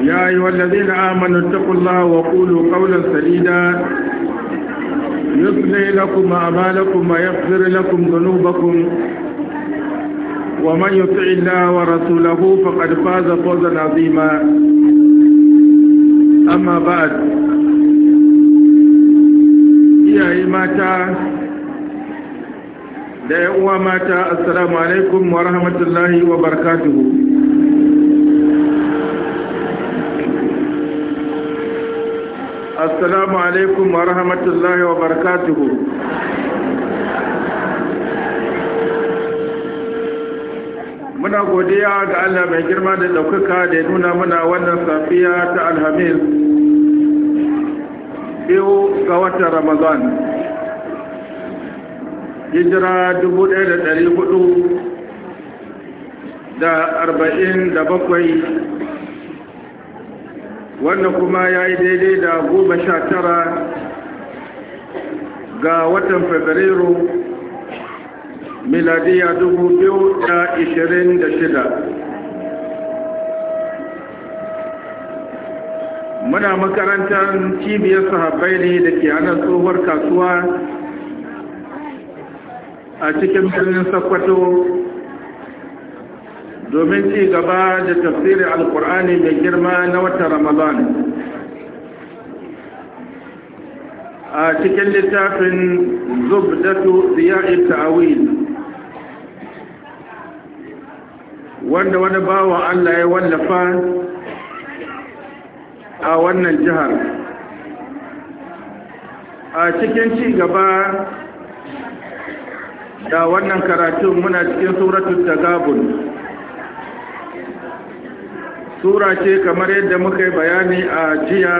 يا أيها الذين آمنوا اتقوا الله وقولوا قولا سديدا يصلح لكم أعمالكم ويغفر لكم ذنوبكم ومن يطع الله ورسوله فقد فاز فوزا عظيما أما بعد يا mata السلام عليكم ورحمة الله وبركاته. assalamu alaikum wa rahmatullahi wa barakatuhu muna godiya ga Allah mai girma da ɗaukaka da ya nuna muna wannan safiya ta alhamis biyu ga watan ramadan hijira bakwai. wannan kuma ya yi daidai da goma sha tara ga watan fabrairu miladiya dubu da shida muna makarantar cibiyar sahabbai ne da ke ana tsohuwar kasuwa a cikin birnin sakwato domin ci gaba da tafsirin alkur'ani mai girma na watan ramadan a cikin littafin zubdatu ziya'i ta'awil wanda wani bawa Allah ya wallafa a wannan jihar a cikin ci gaba da wannan karatun muna cikin suratul tagabun sura ce kamar yadda muka yi bayani a jiya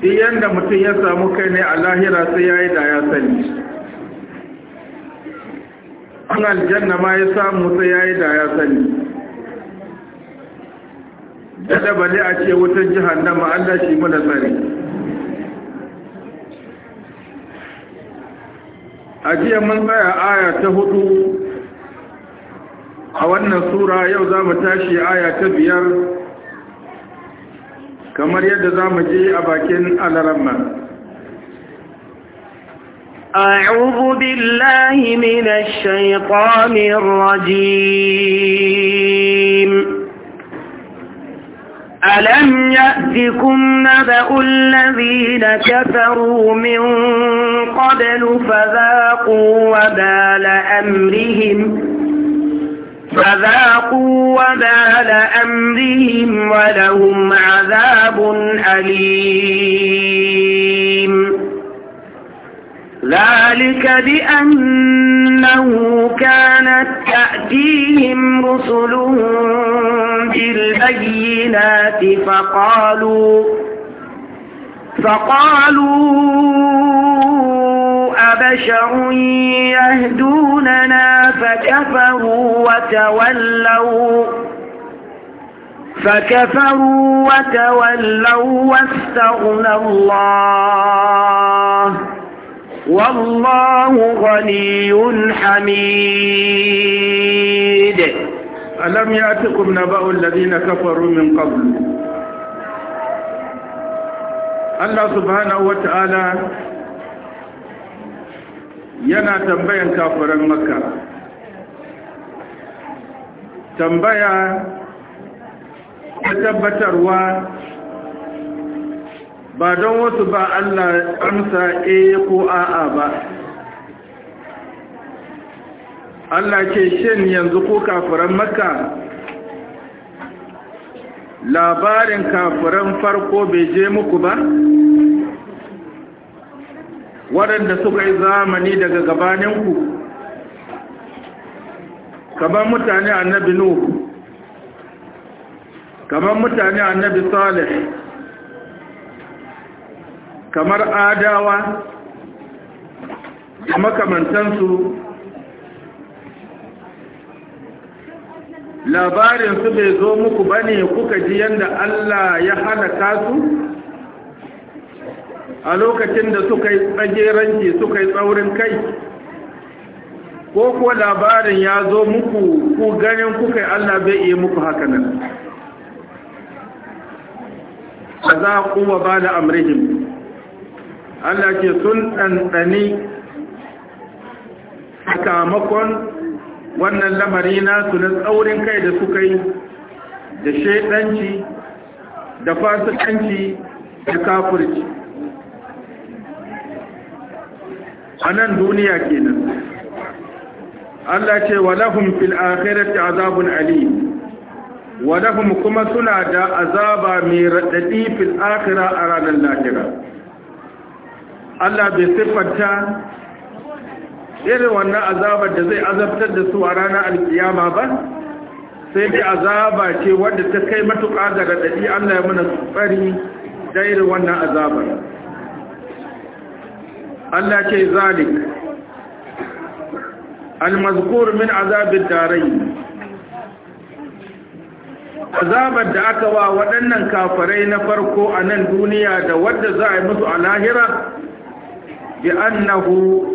ɗiyan yadda mutum ya samu kai ne a lahira sai ya yi da ya sani an aljanna ma ya samu sai ya yi da ya sani da ne a ce wutan jihannama allah shi mana tsari a jiya mun tsaya aya ta hudu a wannan sura yau za mu tashi aya ta biyar kamar yadda za mu je a bakin alaramma أعوذ بالله من الشيطان الرجيم ألم يأتكم نبأ الذين كفروا من قبل فذاقوا وبال أمرهم فذاقوا وبال أمرهم ولهم عذاب أليم ذلك بأنه كانت تأتيهم رسلهم بالبينات فقالوا فقالوا بشر يهدوننا فكفروا وتولوا فكفروا وتولوا واستغنى الله والله غني حميد ألم يأتكم نبأ الذين كفروا من قبل الله سبحانه وتعالى yana tambayan kafiran makka tambaya ta tabbatarwa ba don wasu ba Allah amsa e ko a'a ba Allah ke shin yanzu ko kafiran makka labarin kafiran farko bai je muku ba? waɗanda suka yi zamani daga gabaninku kamar mutane annabi nuhu kamar mutane annabi salih kamar adawa a labarin su bai zo muku bane kuka ji yadda Allah ya halaka su a lokacin da suka yi tsageranci suka yi tsaurin kai ko kuwa labarin ya zo muku ku ganin kuka Allah bai iya muku haka nan a za a kuwa ba da amrihim Allah ce sun ɗanɗani sakamakon wannan lamari nasu na tsaurin kai da suka yi da shaidanci da fasikanci da kafurci a nan duniya kenan Allah ce wa lahum fil akhirati azabun Ali. wa kuma suna da azaba mai radadi fil akhira a ranar lahira Allah bai siffanta irin wannan azabar da zai azabtar da su a ranar alkiyama ba sai dai azaba ce wadda ta kai matuƙa ga radadi Allah ya muna tsari da irin wannan azabar Allah ce zalik almazkur min azabin tarayi azabar da aka wa waɗannan kafarai na farko a nan duniya da wadda za a yi musu a lahira bi annahu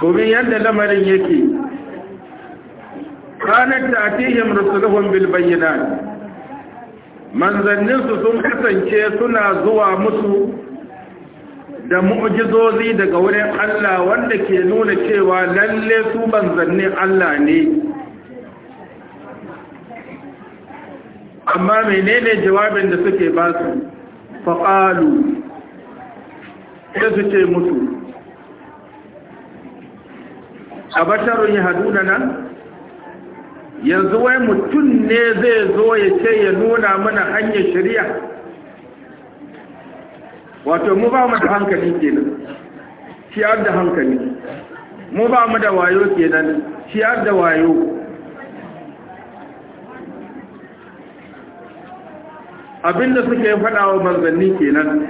domin yadda lamarin yake kanar da atihim rusuluhun bil manzanninsu sun kasance suna zuwa musu da mu'jizozi daga wurin Allah wanda ke nuna cewa lalle su banzanne Allah ne amma menene jawabin da suke ba su faƙalu da suke mutu a batarun haduna nan yanzu wai mutum ne zai zo ya ce ya nuna mana hanyar shari'a wato mu ba mu da hankali kenan ciyar da hankali mu ba mu da wayo kenan ciyar da wayo abinda suke faɗa wa manzanni kenan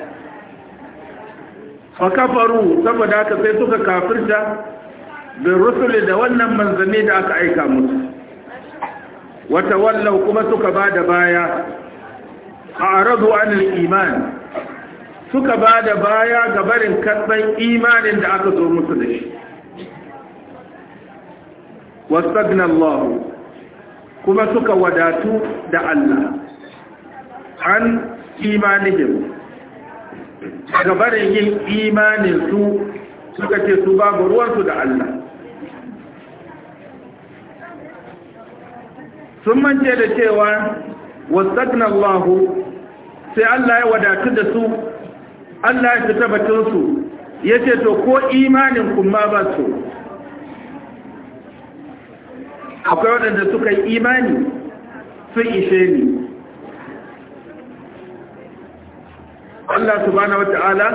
fa kafaru saboda ka sai suka kafirta bin rusuli da wannan manzanni da aka aika musu wata wallau kuma suka ba da baya a arabu anil iman. suka ba da baya ga barin karɓar imanin da aka zo musu da shi wasu kuma suka wadatu da Allah an imanihim ga barin yin imaninsu suka ce su babu ruwansu da Allah sun mance da cewa wasu sai Allah ya wadatu da su Allah ya fita batunsu ya ce to ko imanin ma ba su akwai waɗanda suka yi imani sun ishe ni Allah subhanahu wata'ala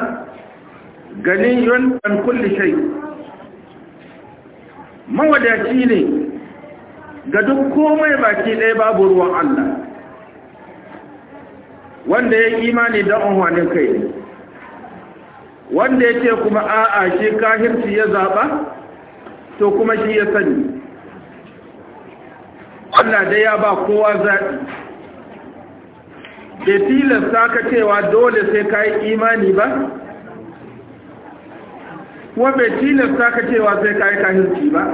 ganin an kulli shay mawadaci ne ga duk komai baki ɗaya babu ruwan Allah wanda ya imani don unhwanin kai ne wanda yake kuma a'a shi kahirci ya zaɓa to kuma shi ya sani Allah dai ya ba kowa zaɓi bai tilasta ka cewa dole sai ka yi imani ba kuma bai tilasta ka cewa sai ka yi kahirci ba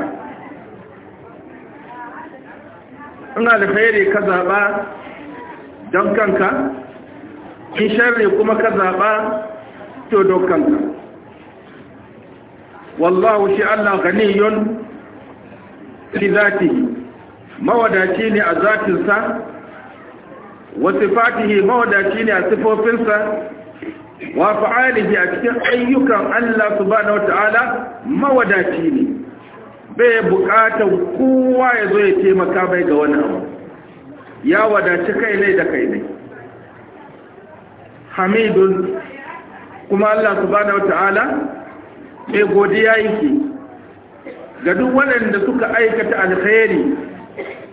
in alkhairi ka zaɓa don kanka in sharri kuma ka zaɓa to dokanka wallahu shi Allah ganiyon fi zati mawadaci ne a zatinsa wa sifatihi mawadaci ne a sifofinsa wa fa'alihi a cikin ayyukan Allah subhanahu wata'ala mawadaci ne bai bukatar kowa ya zo ya taimaka bai ga wani abu ya wadaci kai ne da kai ne hamidun kuma Allah subhanahu wata'ala mai godiya yake ga duk waɗanda suka aikata alkhairi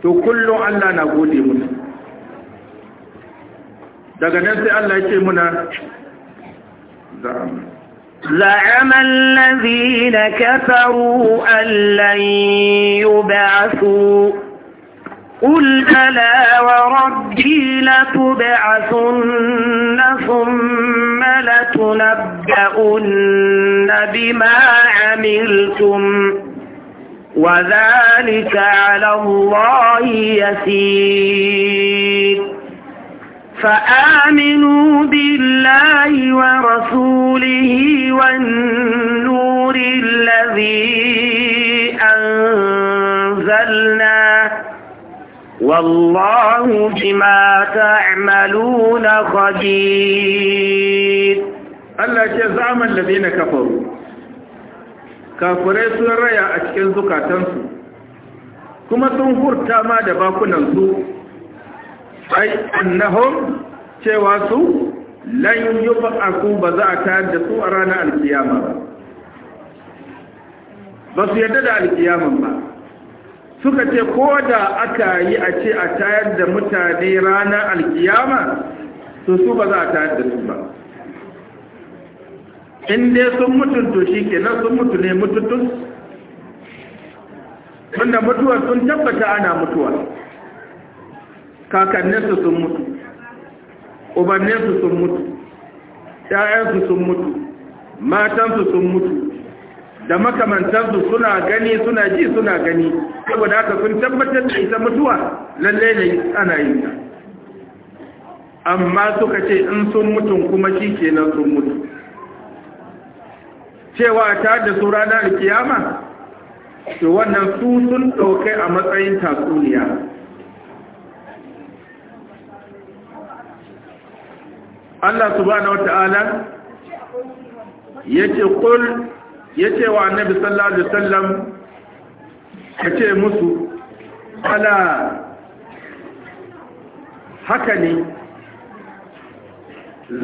to kullum Allah na gode mu daga nan sai Allah ya ce muna za'amu زعم الذين كفروا أن لن يبعثوا قل ألا وربي لتبعثن ثم لتنبؤن بما عملتم وذلك على الله يسير فآمنوا بالله ورسوله والنور الذي أنزلنا والله بما تعملون خبير Allah ce zaman da na kafaru kafurai sun raya a cikin zukatansu kuma sun hurta ma da bakunansu ai annahum cewa su lan yub'aku ba za a tayar da su a ranar alkiyama ba ba su yarda da alkiyaman ba suka ce ko da aka yi a ce a tayar da mutane ranar alkiyama to su ba za a tayar da su ba in dai sun mutuntu shi ke nan sun mutu ne mutuntun wanda mutuwar sun tabbata ana mutuwa kakanninsu sun mutu ubanninsu sun mutu ‘ya'yansu sun mutu matansu sun mutu da makamantansu suna gani suna ji suna gani saboda haka sun tabbatar da ita mutuwa lallai ne ana yi amma suka ce in sun mutu kuma shi ke nan sun mutu cewa ta da su ranar kiyama to wannan su sun ɗaukai a matsayin tatsuniya Allah subhanahu wata'ala yace kul yace wa annabi sallallahu alaihi wasallam kace musu ala haka ne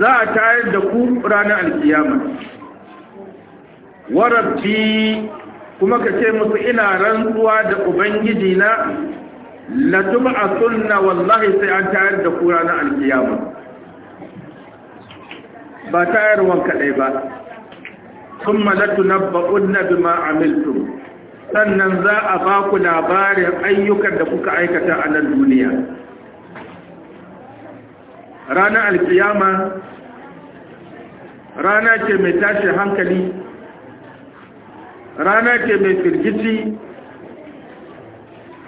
za a tayar da ku ranar alkiyama warabti kuma ka ce musu ina rantsuwa da ubangiji na la sunna wallahi sai an tayar da kura na alkiyama ba tayar wanka kadai ba thumma latunabba'unna bima amiltu sannan za a ba ku labarin ayyukan da kuka aikata a nan duniya ranar alkiyama rana ce mai tashi hankali rana ce mai firgici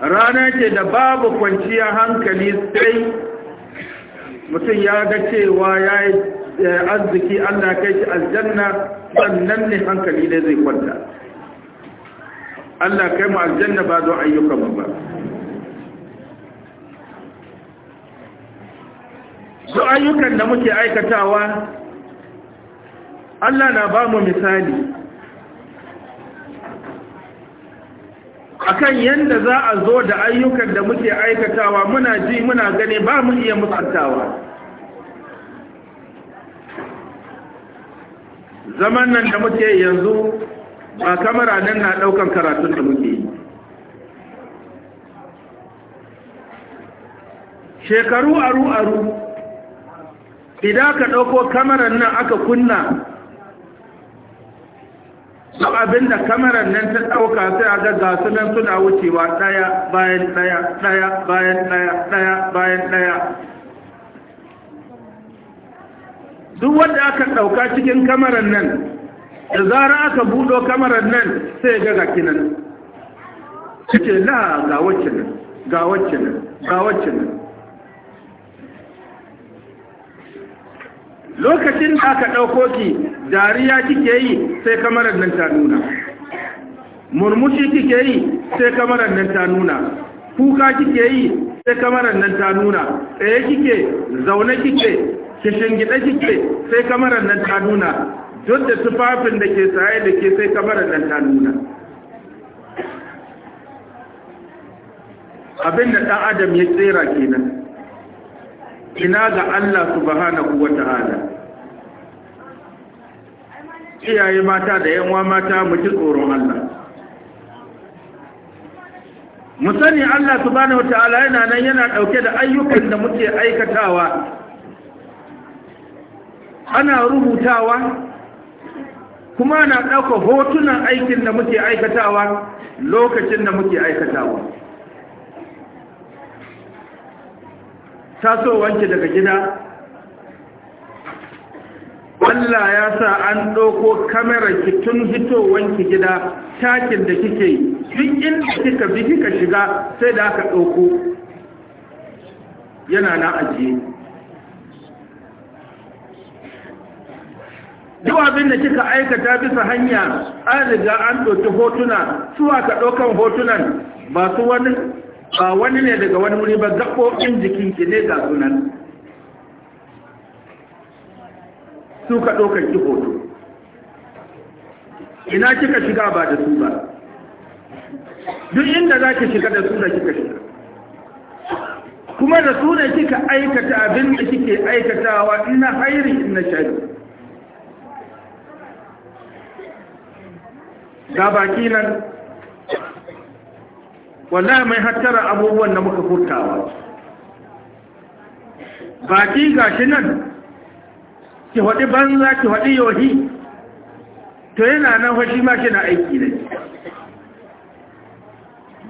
rana ce da babu kwanciya hankali sai mutum ya ga cewa ya yi eh, arziki allah kai shi aljanna sannan ne hankali ne zai kwanta allah kai mu aljanna ba zo ayyukan ba su ayyukan da muke aikatawa allah na ba mu misali akan yanda za a zo da ayyukan da muke aikatawa muna ji muna gani ba mu iya musantawa zaman nan da muke yanzu ba kamara nan na daukan karatun da muke yi shekaru aru aru idan ka dauko kamaran nan aka kunna abinda kamarar nan ta ɗauka sai a ga gasu nan suna wucewa ɗaya bayan ɗaya ɗaya bayan ɗaya ɗaya bayan ɗaya duk wanda aka ɗauka cikin kamarar nan da zara aka buɗo kamarar nan sai ga gaki nan suke la ga wacce nan ga wacce nan ga wacce nan lokacin da aka ɗauko ki dariya kike yi sai kamarar nan ta nuna murmushi kike yi sai kamarar nan ta nuna kuka kike yi sai kamarar nan ta nuna tsaye kike zaune kike kishingide kike sai kamarar nan ta nuna duk da tufafin da ke saye da ke sai kamarar nan ta nuna abin da ɗan adam ya tsera kenan ina ga Allah subhanahu wa ta'ala iyaye mata da yanwa mata mu ji tsoron Allah mu sani Allah subhanahu wataala yana nan yana ɗauke da ayyukan da muke aikatawa ana rubutawa kuma na ɗauka hotunan aikin da muke aikatawa lokacin da muke aikatawa tasowanki daga gida Allah ya sa an ɗauko kamera ki tun wanki gida takin da kike yi duk inda kika bi kika shiga sai da aka ɗauko yana na ajiye duk abin da kika aikata bisa hanya an riga an ɗauki hotuna su ka ɗaukan hotunan ba su wani ne daga wani wuri ba gaɓoɓin jikinki ne ga sunan su ka ɗaukar ki hoto ina kika shiga ba da su ba duk inda za ki shiga da su da kika shiga kuma da su ne kika aikata abin da kike aikatawa ina hairi ina shari ga baki nan wallahi mai hattara abubuwan da muka furtawa baki gashi nan ki waɗi banza ki waɗi yohi to yana nan fashi ma kina aiki ne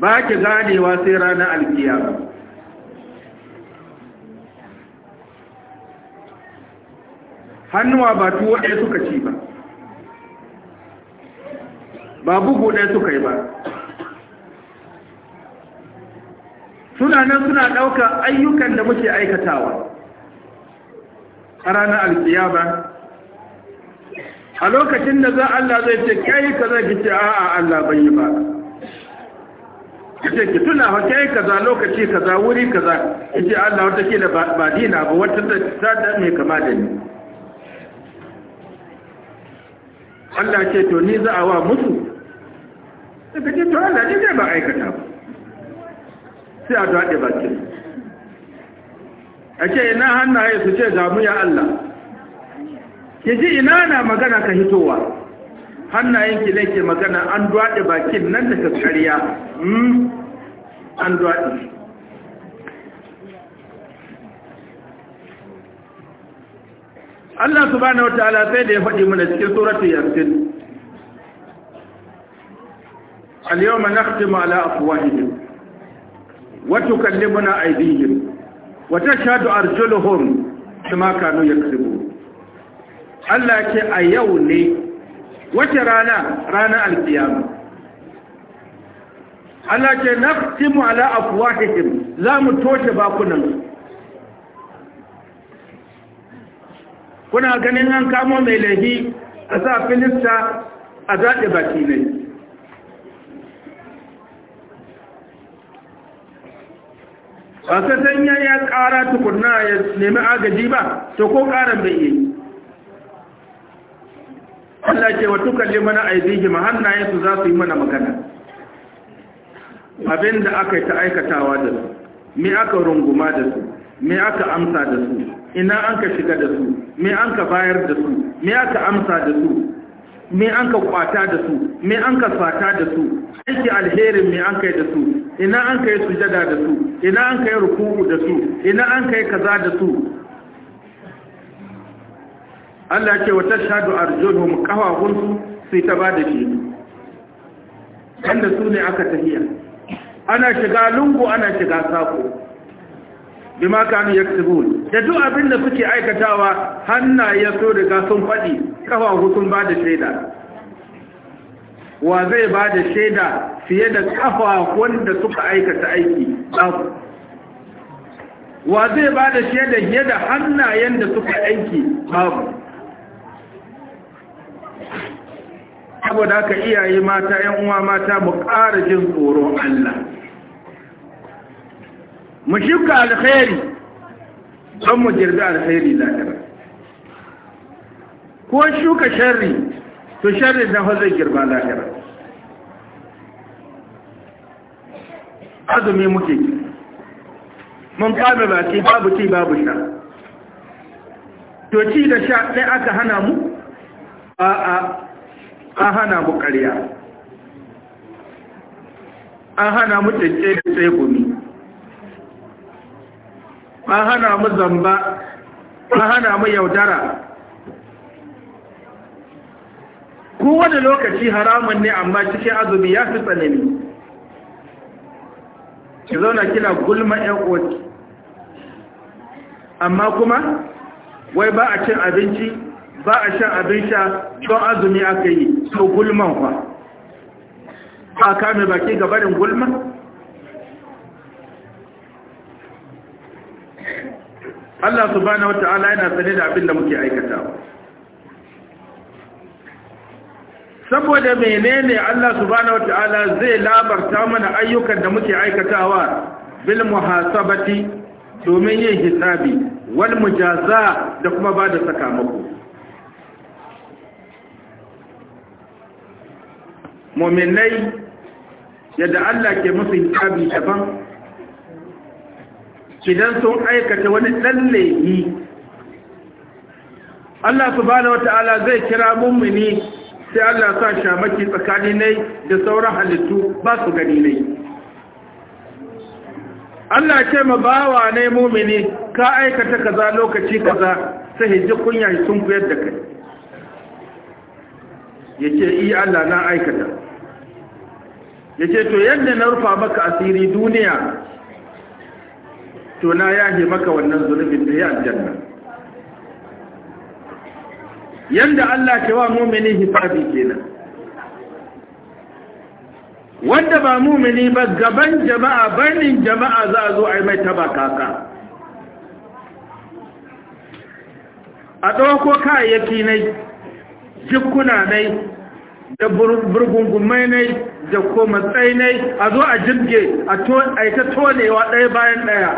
ba ki ganewa sai ranar alkiyama hannuwa ba tuwo ɗaya suka ci ba ba bugu ɗaya suka yi ba suna nan suna ɗaukar ayyukan da muke aikatawa a ranar alkiyama a lokacin da za Allah zai ce kai ka zai ce a'a Allah bai yi ba ce ki tuna wa kai kaza lokaci kaza wuri kaza ce Allah wata ke ba badina ba wata ta da me kama da ni Allah ce to ni za a wa musu sai ce to Allah ne ba aikata ba sai a dade bakin a ce ina hannaye su ce damu ya Allah ki ji ina na magana ka hitowa Hannayen ki ne ke magana an duwaɗe bakin nan da ka karya hmm? an duwaɗe Allah subhanahu wataala sai da ya faɗi mana cikin suratul yasin al-yawma nakhtimu ala afwahihim wa tukallimuna aydihim wata shaɗu arjuluhum su makanu ya kribu Allah ce a yau ne wace rana ranar alfiyama Allah ce naftimu ala afwahihim za mu toshe bakunan kuna ganin an kamo mai laifi a sa filista a zaɗe baki ne ba ka san ya ya ƙara tukunna ya nemi agaji ba to ko ƙaran bai yi Allah ke wa tukalli mana aizihi hannayensu za su yi mana magana abin da aka yi ta aikatawa da su me aka runguma da su me aka amsa da su ina an ka shiga da su me an ka bayar da su me aka amsa da su me an ka kwata da su me an ka fata da su aiki alherin me an kai da su ina an kai sujada da su ina an kai ruku'u da su ina an kai kaza da su Allah ce wa tashhadu arjuluhum qawahun su sai ta bada shi wanda su ne aka tafiya. ana shiga lungu ana shiga sako ma kanu yaktubun da duk abin da suke aikatawa hannaye so daga sun fadi kafahu sun bada shaida wa zai ba da shaida fiye da kafa wanda suka aikata aiki wa zai ba da shaida fiye da hannayen da suka aiki babu saboda haka iyaye mata ‘yan uwa mata mu ƙara jin tsoron Allah mu shuka alkhairi don mu girbi alkhairi lafiya ko shuka sharri to sharrin na zai girma lahira azumi muke mun kame baki babu ci babu sha to ci da sha ɗai aka hana mu a a an hana mu ƙarya an hana mu cece da tsaye gumi an hana mu zamba an hana mu yaudara kowane lokaci haramun ne amma cikin azumi ya fi tsanani ki zauna kina gulma yan uwaki amma kuma wai ba a cin abinci ba a shan abin sha don azumi aka yi to gulman fa ba kame baki gabarin gulman Allah subhanahu Ta'ala yana sane da abin da muke aikatawa saboda menene Allah subhanahu wataala zai labarta mana ayyukan da muke aikatawa bil muhasabati domin yin hisabi wal mujaza da kuma ba da sakamako muminai yadda Allah ke musu hisabi daban idan sun aikata wani ɗan Allah subhanahu wataala zai kira mummuni sai Allah sa shamaki tsakani ne da sauran halittu ba su gani ne Allah ce ma bawa ne mumini ka aikata kaza lokaci kaza sai hiji kunya sun kuyar da kai yace i Allah na aikata yace to yadda na rufa maka asiri duniya to na yahe maka wannan zulubin da ya aljanna yanda Allah ke wa mumini hisabi kenan wanda ba mumini ba gaban jama'a banin jama'a za a zo a yi mai taba a ɗauko kayayyaki ne jikuna ne da burgungumai ne da ko matsayi ne a zo a jirge a ta tonewa ɗaya bayan ɗaya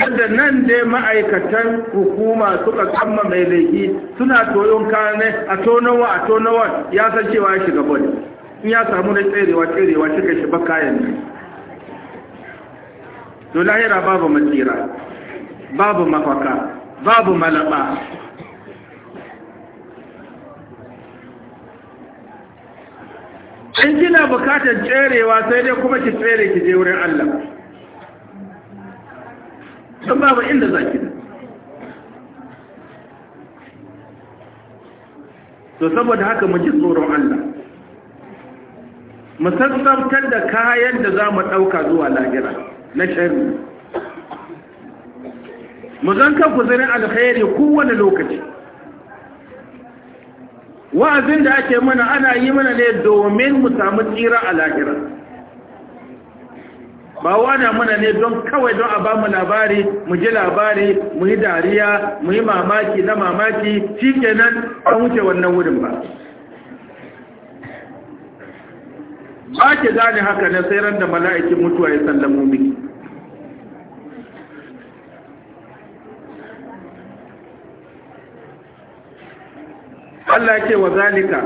wanda nan dai ma'aikatan hukuma suka kama mai laifi suna toyon kane a tonawa a tonawa ya san cewa ya shiga bol, in ya samu na tserewa tserewa shi kai shi ba kayan nan to lahira babu matsira babu mafaka babu malaba in kina bukatar tserewa sai dai kuma ki tsere ki je wurin Allah don babu inda za ki da to saboda haka mu ji tsoron Allah mu sassabtar da kayan da za mu ɗauka zuwa lahira na shari'a mu zan kan alkhairi kowane lokaci wa'azin da ake mana ana yi mana ne domin mu samu tsira a lahira ba wana muna ne don kawai don a bamu labari mu ji labari mu yi dariya mu yi mamaki na mamaki shi kenan an wuce wannan wurin ba ba ki gane haka na sai ran da mala'ikin mutuwa ya sallamu miki Allah ke wa zalika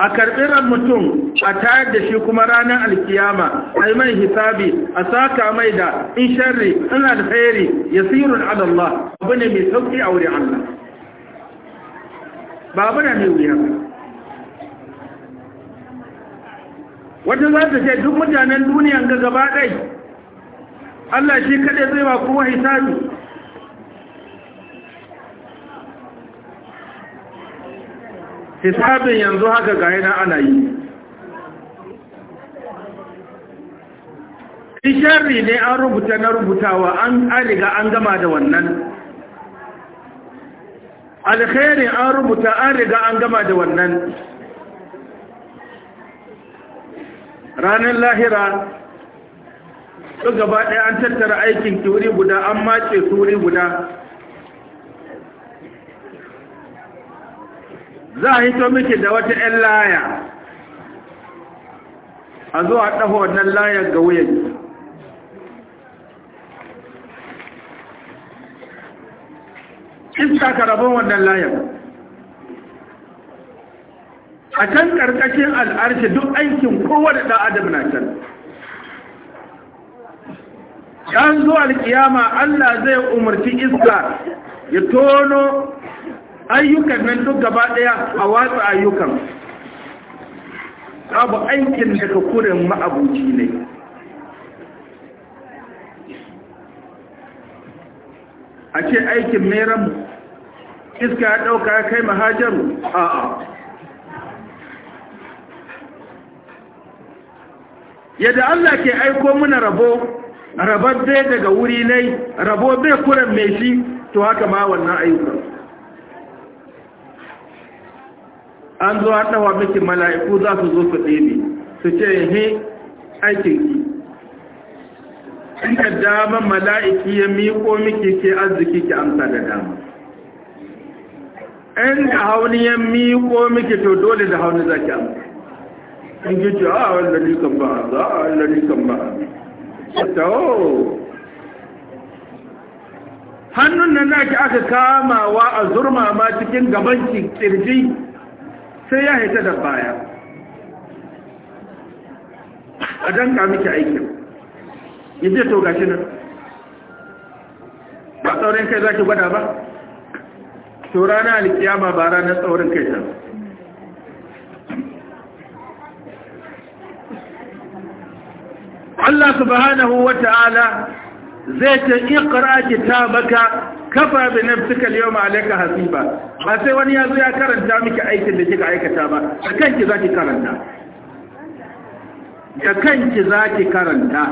a karɓi ran mutum a tayar da shi kuma ranar alkiyama a yi mai hisabi a saka mai da in sharri in alkhairi ya sirun adallah abu ne mai sauƙi a wuri Allah ba abu ne mai wuya wata za ta ce duk mutanen duniyan ga gaba ɗai Allah shi kaɗai zai ba kuma hisabi hisabin yanzu haka ga yana ana yi sharri ne an rubuta na rubutawa an riga an gama da wannan alkhairi an rubuta an riga an gama da wannan ranar lahira su gaba ɗaya an tattara aikin turi guda an mace turi guda za a hito miki da wata 'yan laya a zuwa ɗaho wannan layar ga wuyan iska karabon wannan layar a can ƙarƙashin al'arshi duk aikin kowa da ɗan'adam na can ɗan zuwa alƙiyama allah zai umarci iska ya tono ayyukan nan duk gaba daya a watsa ayyukan abu aikin da daga kurin ma'abuci ne a ce aikin meran iska ya ɗauka ya kai mahajaru a a yadda allah ke aiko muna rabo rabar bai daga wuri nai rabo bai kuren mai shi to haka ma wannan ayyukan an zo an dawa miki mala'iku za su zo su ne su ce he aikin ki in dama mala'iki ya miƙo miki ke arziki ki amsa da dama in ka hauni ya miƙo miki to dole da hauni za ki amsa in ki ce a ah, wani kan ba za a wallani kan ba a ta o hannun nan ki aka kamawa a zurma ma cikin gabanki kirji sai ya haita da baya a danka miki aikin yace to gashi nan ba tsaurin kai za ki gwada ba to rana alkiyama ba ranar tsaurin kai ta Allah subhanahu wa ta'ala zai ta iqra kitabaka kafa bi nafsika al-yawma alayka hasiba ba sai wani ya ya karanta miki aikin da kika aikata ba da kanki zaki karanta da kanki zaki karanta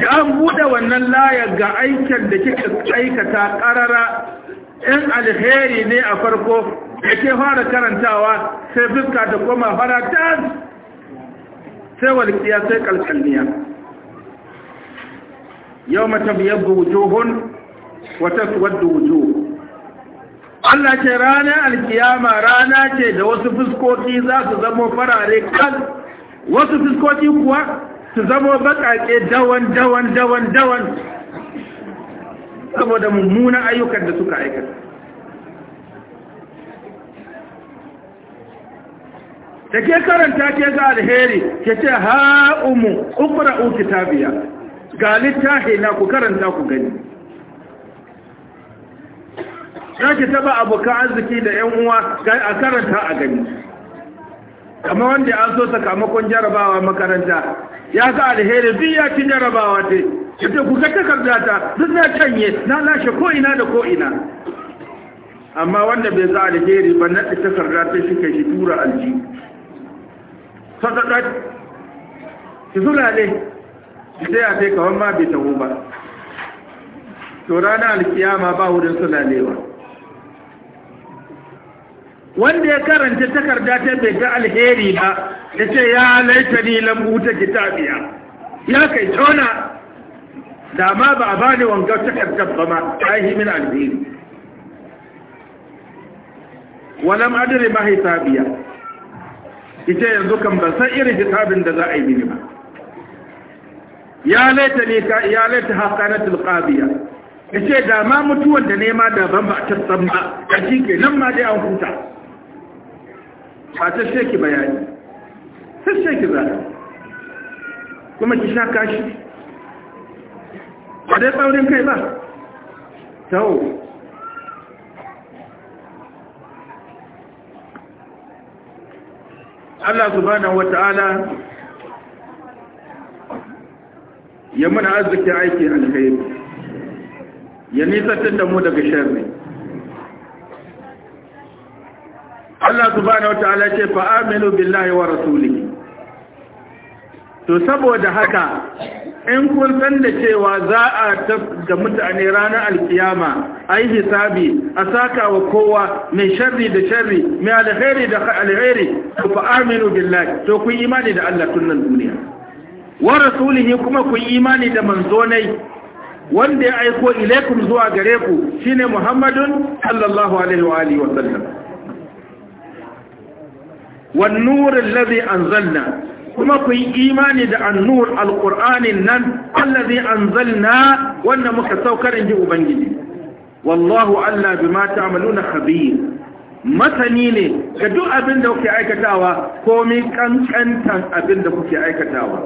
da an buɗe wannan layar ga aikin da kika aikata ƙarara in alheri ne a farko da ke fara karantawa sai fuska ta koma fara tas sai walƙiya sai kalkalniya yau mata biyar da wujuhun wata suwar da Allah ce ranar alkiyama rana ce da wasu fuskoki za su zamo farare kan wasu fuskoki kuwa su zamo baƙaƙe dawan dawan dawan dawan saboda mummunan ayyukan da suka aikata da ke karanta ke za alheri ke ce ha umu ta kitabiya ga littafi na ku karanta ku gani za ki taba abokan arziki da yan uwa a karanta a gani kamar wanda an so sakamakon jarabawa makaranta ya ga alheri biyu ya ci jarabawa ce ita ku ga takarda ta duk na canye na lashe ko ina da ko ina amma wanda bai za alheri ba na takarda ta shi kai shi tura aljihu sadakat ki zulale ki tsaya sai kawon ma bai taho ba to ranar alkiyama ba wurin sulalewa wanda ya karanta takarda ta bai ga alheri ba ya ce ya laita ni lambu ta kitabiya ya kai tona Dama ba a bani wanga takardar ba ma ta yi min alheri walam adri ma hisabiya ita yanzu kan ban san irin hisabin da za a yi mini ba ya laita ne ka ya laita hakanatul qadiya yace da ma mutuwan da nema da ban ba ta san ba da ke nan ma dai an huta ba ta ki bayani ta ki zaɗa. kuma ki sha kashi ba dai tsaurin kai ba tau Allah subhanahu wata'ala ya muna aiki a alkhairi ya nisantar da mu daga sharri Allah subhanahu wata'ala ce fa billahi wa rasulihi to saboda haka in kun san da cewa za a ga mutane ranar alkiyama a hisabi a saka wa kowa mai sharri da sharri mai alheri da alheri to fa aminu billahi to kun imani da Allah tunan duniya wa rasulihi kuma kun imani da manzonai wanda ya aiko ilaikum zuwa gare ku shine Muhammadun sallallahu alaihi wa alihi wa sallam wan nurul ladhi anzalna kuma ku yi imani da annur alƙur'anin nan allazi na wanda muka saukar ji ubangiji wallahu allah bima ta'maluna khabir masani ne ga duk abin da kuke aikatawa komai kankantan abin da kuke aikatawa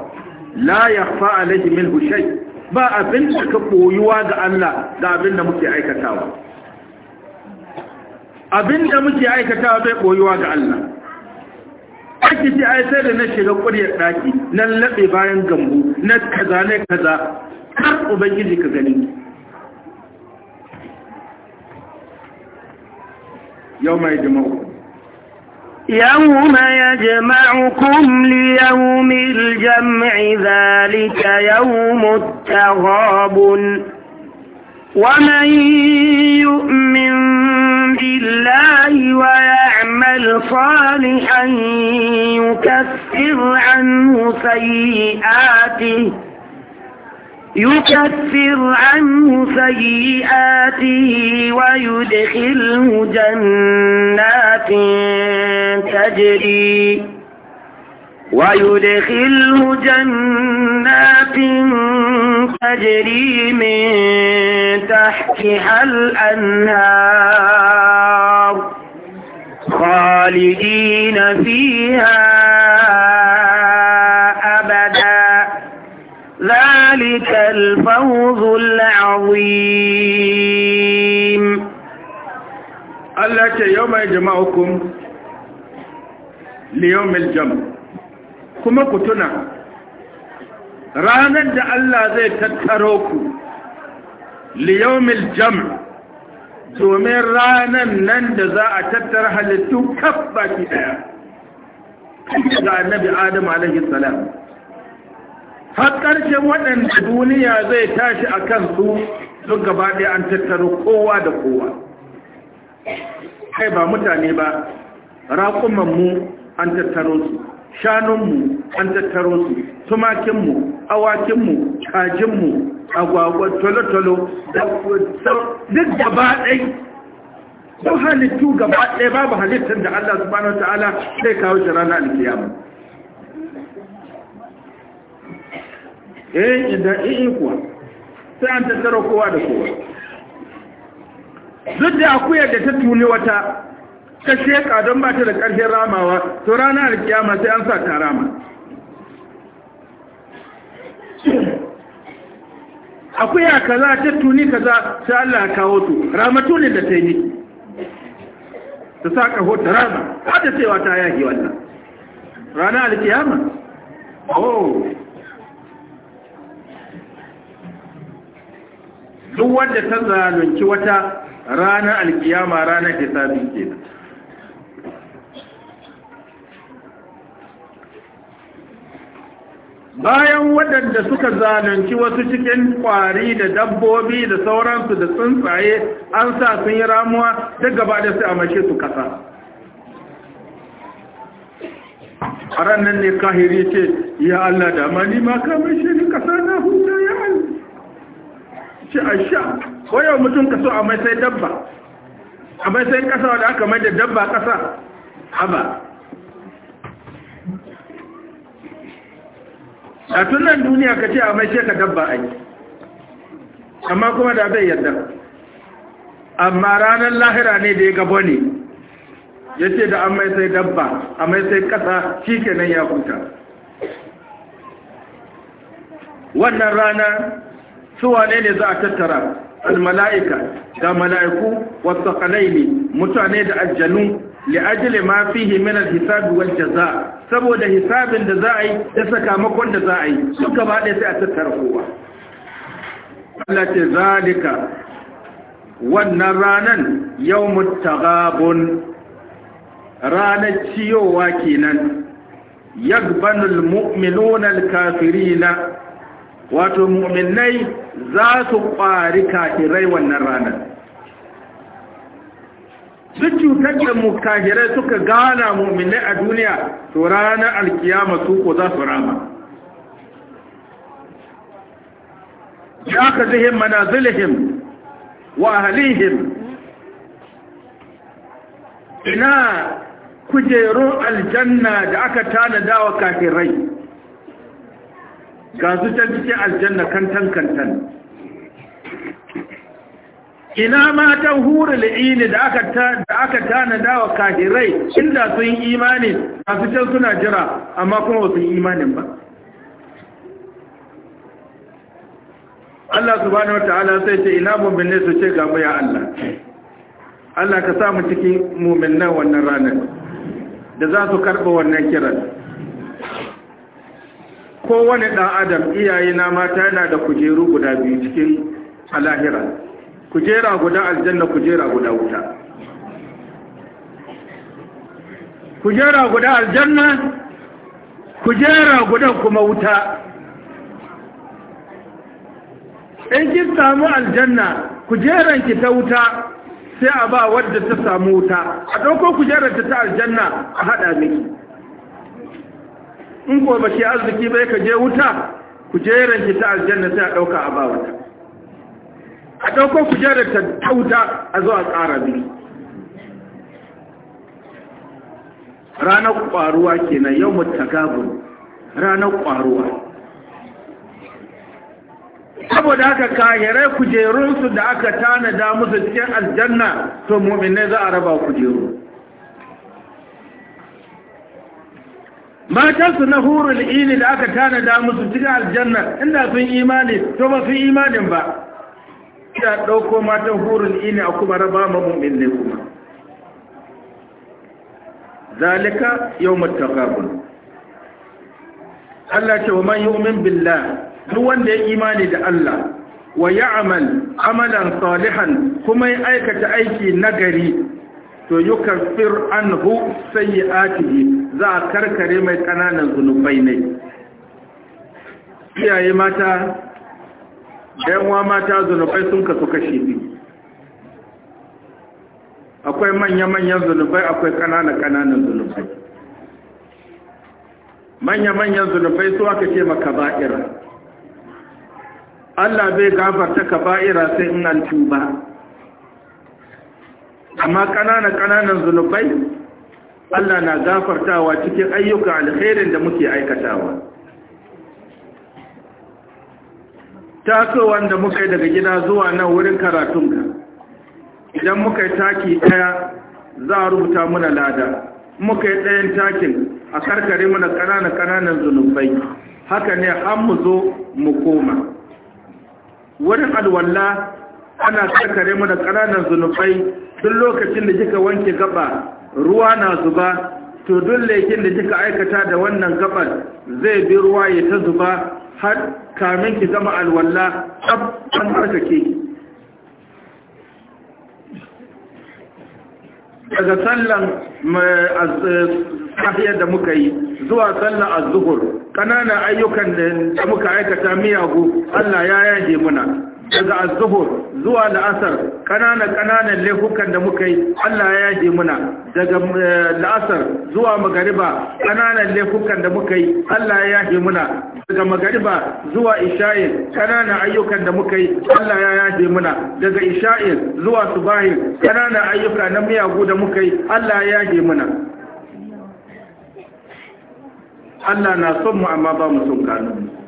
la yakhfa alayhi minhu shay ba abin da ka koyuwa ga Allah da abin da muke aikatawa abin da muke aikatawa bai koyuwa ga Allah ake ce ai sai da na shiga ƙuryar daki nan labe bayan gambo na kaza ne kaza har ubangiji ka gani yau mai jima'u يوم يجمعكم ليوم الجمع ذلك يوم التغاب ومن يؤمن بالله ويعمل صالحا يكفر عنه سيئاته يكفر عنه سيئاته ويدخله جنات تجري ويدخله جنات تجري من تحتها الأنهار خالدين فيها أبدا ذلك الفوز العظيم الله يوم يجمعكم ليوم الجمع kuma ku tuna ranar da Allah zai tattaro ku liyomil jam' domin ranar nan da za a tattara halittu kaf baki daya ga annabi Adam alaihi salam har ƙarshen waɗanda duniya zai tashi a kansu duk gaba ɗaya an tattaro kowa da kowa kai ba mutane ba raƙumanmu an tattaro su shanunmu an tattaro su tumakinmu awakinmu kajinmu agwagwa tolotolo da duk gaba ɗai ko halittu gaba ɗai babu halittar da Allah subhanahu ta'ala zai kawo shi rana alkiyama eh idan iya eh, kuwa sai an tattaro kowa da kowa duk da akuyar da ta tuni wata ta sheka don ba ta da ƙarfin ramawa to rana da kiyama sai an sa ta rama a kaza ta tuni kaza sai Allah ya kawo to ramatu ne da ta yi ta sa kaho ta rama ba ta cewa ta yaki wannan rana alkiyama oh duk wanda ta zalunci wata ranar alkiyama ranar hisabin kenan bayan waɗanda suka zalunci wasu cikin ƙwari da dabbobi da sauransu da tsuntsaye an sa sun yi ramuwa duk gaba da su a mashe su kasa a ranar ne kahiri ce ya Allah da ma ma kamar shi ne kasa na huta ya ce a sha koyar mutum kaso a mai sai dabba a mai sai kasa wadda aka mai da dabba kasa haba a tun nan duniya ka ce a mai ce ka dabba a yi amma kuma da bai yarda amma ranar lahira ne da ya gabo ne ya ce da an mai sai dabba a mai sai kasa shi kenan ya huta wannan rana suwa ne ne za a tattara al-mala'ika ga mala'iku wasu kalaini mutane da aljanu li'ajile ma fihi min alhisabi wajen jaza saboda hisabin da za a yi da sakamakon da za a yi sun gaba ɗaya sai a tattara kowa Allah ce zalika wannan ranan yau tagabun ranar ciyowa kenan yagbanul mu'minunal kafirina wato mu'minai za su ƙwari kafirai wannan ranar duk cutar da mukahirai suka gana muminai a duniya to ranar alkiyama su ko za su rama ya ka zihin manazilihim wa ahalihim ina kujerun aljanna da aka tanadawa wa kahirai ga su can cikin aljanna kantan kantan ina matan hura la'ini da aka tanada wa kahirai inda sun yi imani a fitar suna jira amma kuma wasu yi imanin ba Allah subhanahu wa ta'ala sai ce ina mummune su ce ga ya Allah Allah ka samu cikin mummunan wannan ranar da za su karɓa wannan kiran kowane ɗan adam iyayena mata yana da kujeru guda biyu cikin alahira kujera guda aljanna kujera guda wuta kujera guda aljanna kujera guda kuma wuta in kin samu aljanna kujeran ki ta wuta sai a ba wadda ta samu wuta a ɗauko kujerar ta ta aljanna a haɗa miki in ko ba shi arziki ba ka je wuta kujeran ki ta aljanna sai a ɗauka a ba wuta a ɗauko kujerar ta tauta a zuwa ƙara biyu ranar ƙwaruwa kenan yau mutakabun ranar ƙwaruwa saboda haka kayarai kujerunsu da aka tanada musu cikin aljanna to muminai za a raba kujeru matansu na hurul ini da aka tanada musu cikin aljanna inda sun imani to ba sun imanin ba ina ɗauko matan hurun ini a kuma raba ma mu'min ne kuma zalika yau taqabun Allah ce wa man umin billah duk wanda ya imani da Allah wa amal amalan salihan kuma ya aikata aiki nagari to yi hu sai yi za a karkare mai kananan zunubai ne iyaye mata da mata zunubai sun kasu kashi biyu akwai manya-manyan zunubai akwai kanana-kananan zunubai manya-manyan zunubai su aka ce maka ba'ira Allah bai gafarta ka ba'ira sai in an tuba amma kanana-kananan zunubai Allah na gafartawa cikin ayyuka alherin da muke aikatawa tasowar da muka yi daga gida zuwa nan wurin karatunka idan muka yi taki ɗaya za a rubuta muna lada muka yi ɗayan takin a karkare muna ƙananan ƙananan zunubai haka ne an mu zo mu koma wurin alwalla ana karkare muna ƙananan zunubai duk lokacin da kika wanke gaba ruwa na zuba to duk lekin da kika aikata da wannan gabar zai bi ruwa ya ta zuba har kamin ki zama alwalla tsab an harkake daga sallan eh, eh, sahiyar da muka yi zuwa sallan azuhur ƙananan ayyukan da muka aikata miyagu Allah ya yaje muna daga azzuhur zuwa la'asar kananan kananan laifukan da muka yi Allah ya yaje muna daga eh, la'asar zuwa magariba kananan laifukan da muka yi Allah ya yaje muna daga magariba zuwa isha'i kananan ayyukan da muka yi Allah ya yaje muna daga isha'i zuwa subahi kananan ayyuka na miyagu da muka yi Allah ya yaje muna Allah na son mu amma ba mu son kanunmu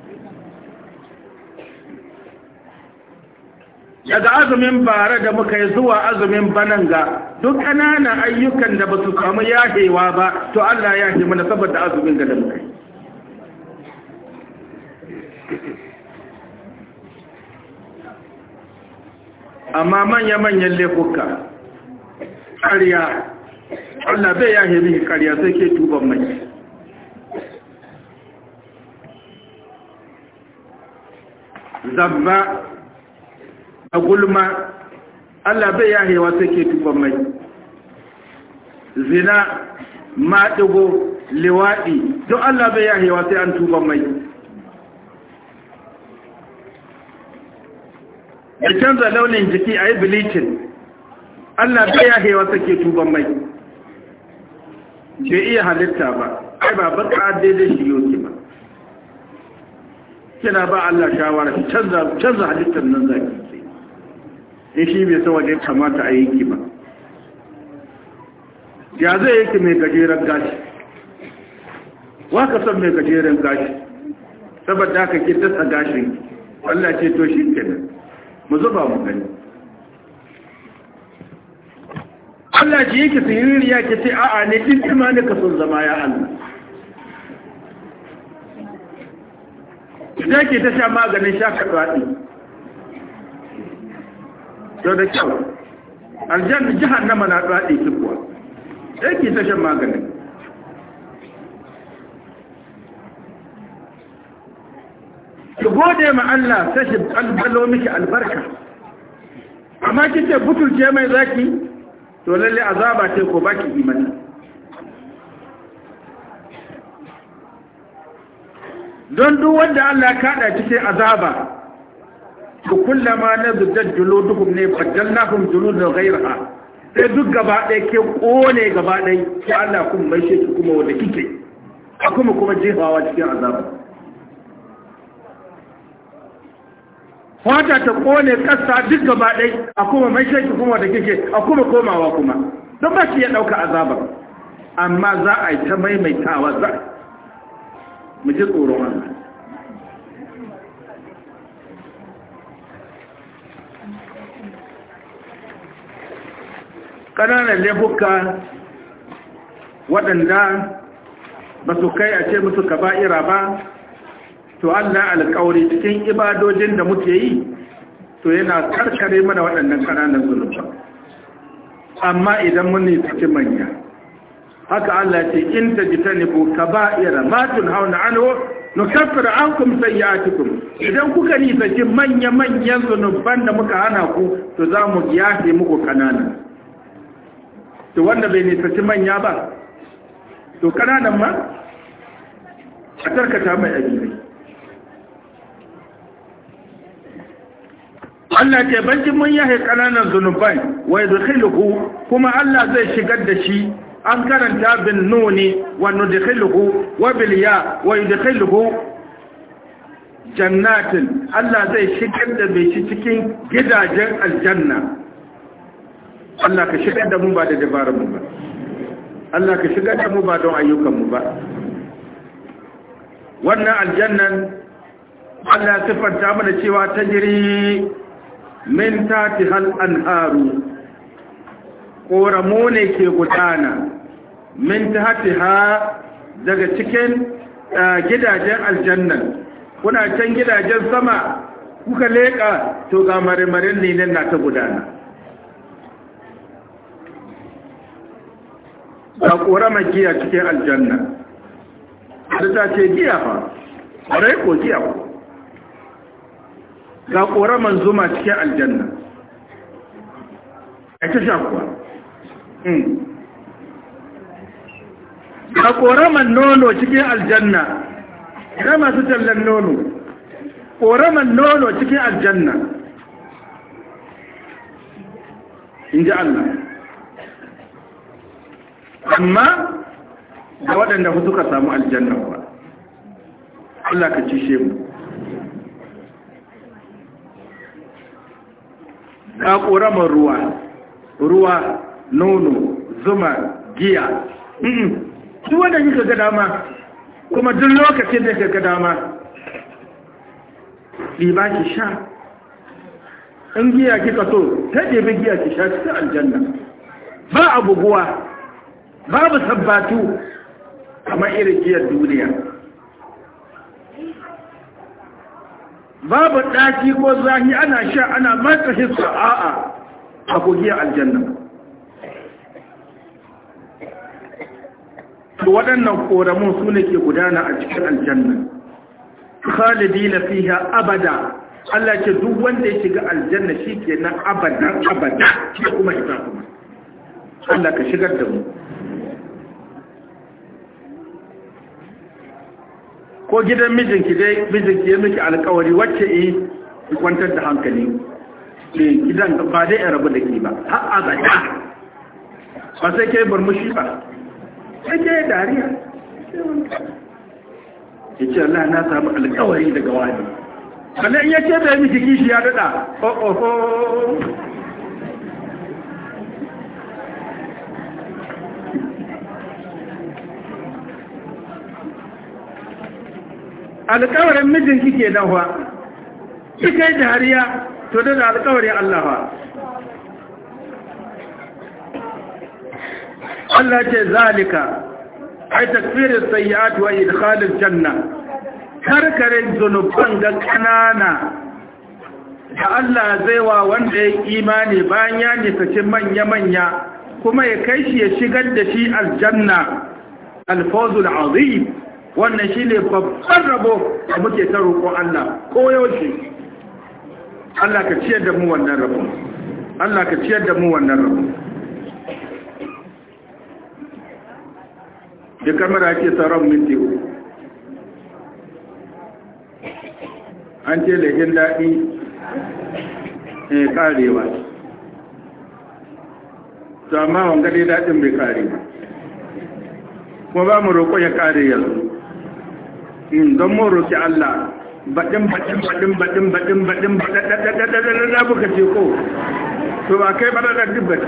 daga azumin bara da muka yi zuwa azumin bananga duk ƙananan ayyukan da ba su samu yahewa ba to Allah ya yahe mana saboda azumin da muka yi amma manya-manyan laifuka ƙarya Allah bai yahe mihi ƙarya sai ke tuban mai zabba A gulma Allah bai yahewa sai ke tukon mai zina maɗigo liwaɗi don Allah bai yahewa sai an tuban mai A canza launin jiki a yi bilicin Allah bai yahewa sai ke tuban mai bai iya halitta ba ai ba baka daidai shi yoki ba kina ba Allah shawara canza halittar nan zaki in eh, shi bai san waje kamata a yanki ba ya zai yake mai gajeren gashi wa ka mai gajeren gashi saboda haka ke tasa gashin Allah ce to shi kenan mu zuba mu gani Allah ce yake riya ke ce a'a ne din kuma ne ka son zama ya Allah idan ke ta sha maganin sha kaɗaɗi to da kyau aljan jahannama na tsade ki kuwa yake ta shan magani ki gode ma Allah sai albalo miki albarka amma kike butulce mai zaki to lalle azaba ce ko baki imani don duk wanda Allah ya kada kike azaba to kullama nazadat juluduhum ne badallahum juludan ghayraha sai duk gaba ɗaya ke kone gaba ɗaya ki Allah kuma mai shi kuma wanda kike kuma kuma jefawa cikin azaba fata ta kone kasa duk gaba ɗaya a kuma mai shi kuma wanda kike a kuma komawa kuma don ba shi ya ɗauka azaba amma za a yi ta maimaitawa za mu ji tsoron Allah ƙananan laifuka waɗanda ba su kai a ce musu kaba'ira ba to Allah alƙawari cikin ibadojin da muke yi to yana karkare mana waɗannan ƙananan zunuba amma idan mun yi cikin manya haka Allah ce in ta ji ta nufo hau matun hauna alo nukaffir an kum cikin idan kuka nisanci manya-manyan zunuban da muka hana ku to za mu yafe muku ƙananan to wanda bai nisanci manya ba to kananan ma a tarkata mai abirai Allah ce bankin mun yahe kananan zunubai wai dukhiluhu kuma Allah zai shigar da shi an karanta bin nuni wa nudkhiluhu wa bil ya wa yudkhiluhu jannatin Allah zai shigar da bai shi cikin gidajen aljanna Allah ka shigar da mu ba da dabarar mu ba Allah ka shigar da mu ba don ayyukan mu ba wannan aljannan Allah siffanta mana cewa ta jiri min tati hal anharu ƙoramo ne ke gudana min tati ha daga cikin eh, gidajen aljannan kuna can gidajen sama kuka leƙa to ga marimarin ne na ta gudana ga ƙoramar giya cikin aljanna da ta ce giya fa yi ko giya ba ga ƙoramar zuma cikin aljanna a ta sha kuwa ga hmm. ƙoramar nono cikin aljanna ga masu tallan nono ƙoramar nono cikin aljanna in ji Allah amma da waɗanda suka samu aljanna ba Allah ka ci shemu ka ƙoramar ruwa ruwa nono zuma giya duk wanda kika ga dama kuma duk lokacin da ka ga dama ɗiba ki sha in giya kika so ta ɗebe giya ki sha cikin aljanna ba abubuwa babu sabbatu kamar irin giyar duniya babu ɗaki ko zahi ana sha ana matsa hissa a'a a kogiyar aljanna to waɗannan koramun su ne ke gudana a cikin aljanna khalidi na fiha abada Allah ce duk wanda ya shiga aljanna shi ke na abadan abada kuma ita kuma Allah ka shigar da mu ko gidan mijinki dai mijinki ya miki alkawari wacce yi eh, ki kwantar da hankali ne eh, gidan ba dai a rabu da ke ba har a zaka ba sai ke murmushi ba sai ke dariya ya ce Allah na samu alkawari daga wani sannan ya ce da ya miki kishi ya dada oh, oh, oh. alƙawarin mijin kike nan fa kike yi dariya to da alƙawarin Allah fa Allah ce zalika ai takfirin sayyi'at wa idkhalil janna karkarin zunuban ga kanana da Allah zai wa wanda ya imani bayan ya nisaci manya-manya kuma ya kai shi ya shigar da shi aljanna Alfazul azim wannan shi ne babban rabo da muke ta roƙon Allah ko yaushe Allah ka ciyar da mu wannan rabo Allah ka ciyar da mu wannan rabo da kamar ake tsaron minti uku an ce lehin daɗi ne eh, karewa to amma wangare daɗin bai kare ba kuma ba mu roƙo ya kare yanzu don mun roƙi Allah baɗin baɗin baɗin baɗin baɗin baɗin baɗaɗaɗaɗaɗaɗa buka ce to ba kai baɗaɗa duk baɗi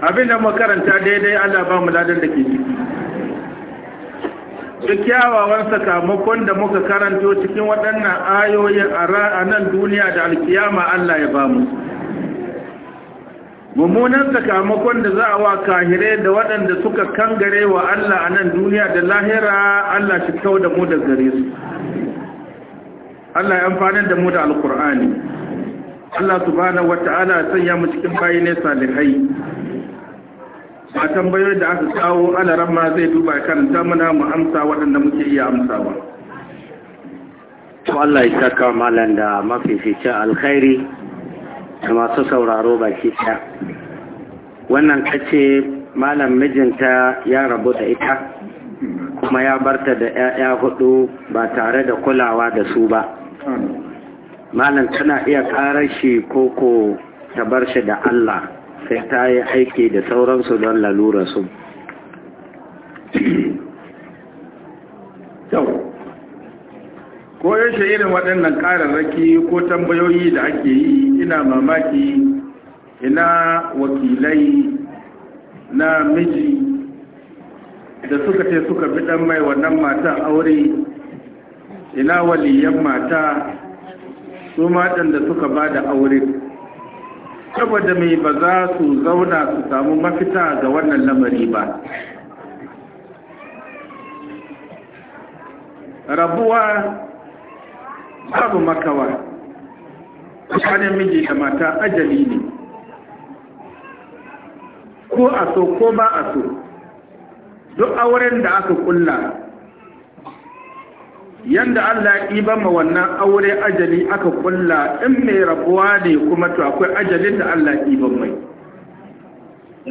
abin da makaranta daidai Allah ba mu ladar da ke ciki da kyawawan sakamakon da muka karanto cikin waɗannan ayoyin a nan duniya da alkiyama Allah ya ba mu mummunan sakamakon da za a wa kahire da waɗanda suka kangare wa Allah a nan duniya da lahira Allah shi kyau da mu da gare su Allah ya amfani da mu da alkur'ani Allah subhanahu wata'ala ya sanya mu cikin bayi ne salihai a tambayoyi da aka kawo alaran ma zai duba kan muna mu amsa waɗanda muke iya amsawa to Allah ya saka malan da mafificin alkhairi da masu sauraro baki ɗaya wannan ta ce malam mijinta ya rabu da ita kuma ya barta da 'ya'ya hudu ba tare da kulawa da su ba malam tana iya ƙarar shi koko ta bar shi da Allah sai ta yi aiki da sauransu don lalura su Ko yaushe irin waɗannan ƙararraki ko tambayoyi da ake yi ina mamaki ina wakilai na miji da suka ce suka bi dan mai wannan matan aure ina waliyan mata su matan da suka ba da aure saboda mai ba za su zauna su samu mafita ga wannan lamari ba rabuwa babu makawa tsakanin miji da mata ajali ne ko a so ko ba a so duk auren da aka kulla yanda Allah ya ma wannan aure ajali aka kulla in mai rabuwa ne kuma to akwai ajalin da Allah ya iban mai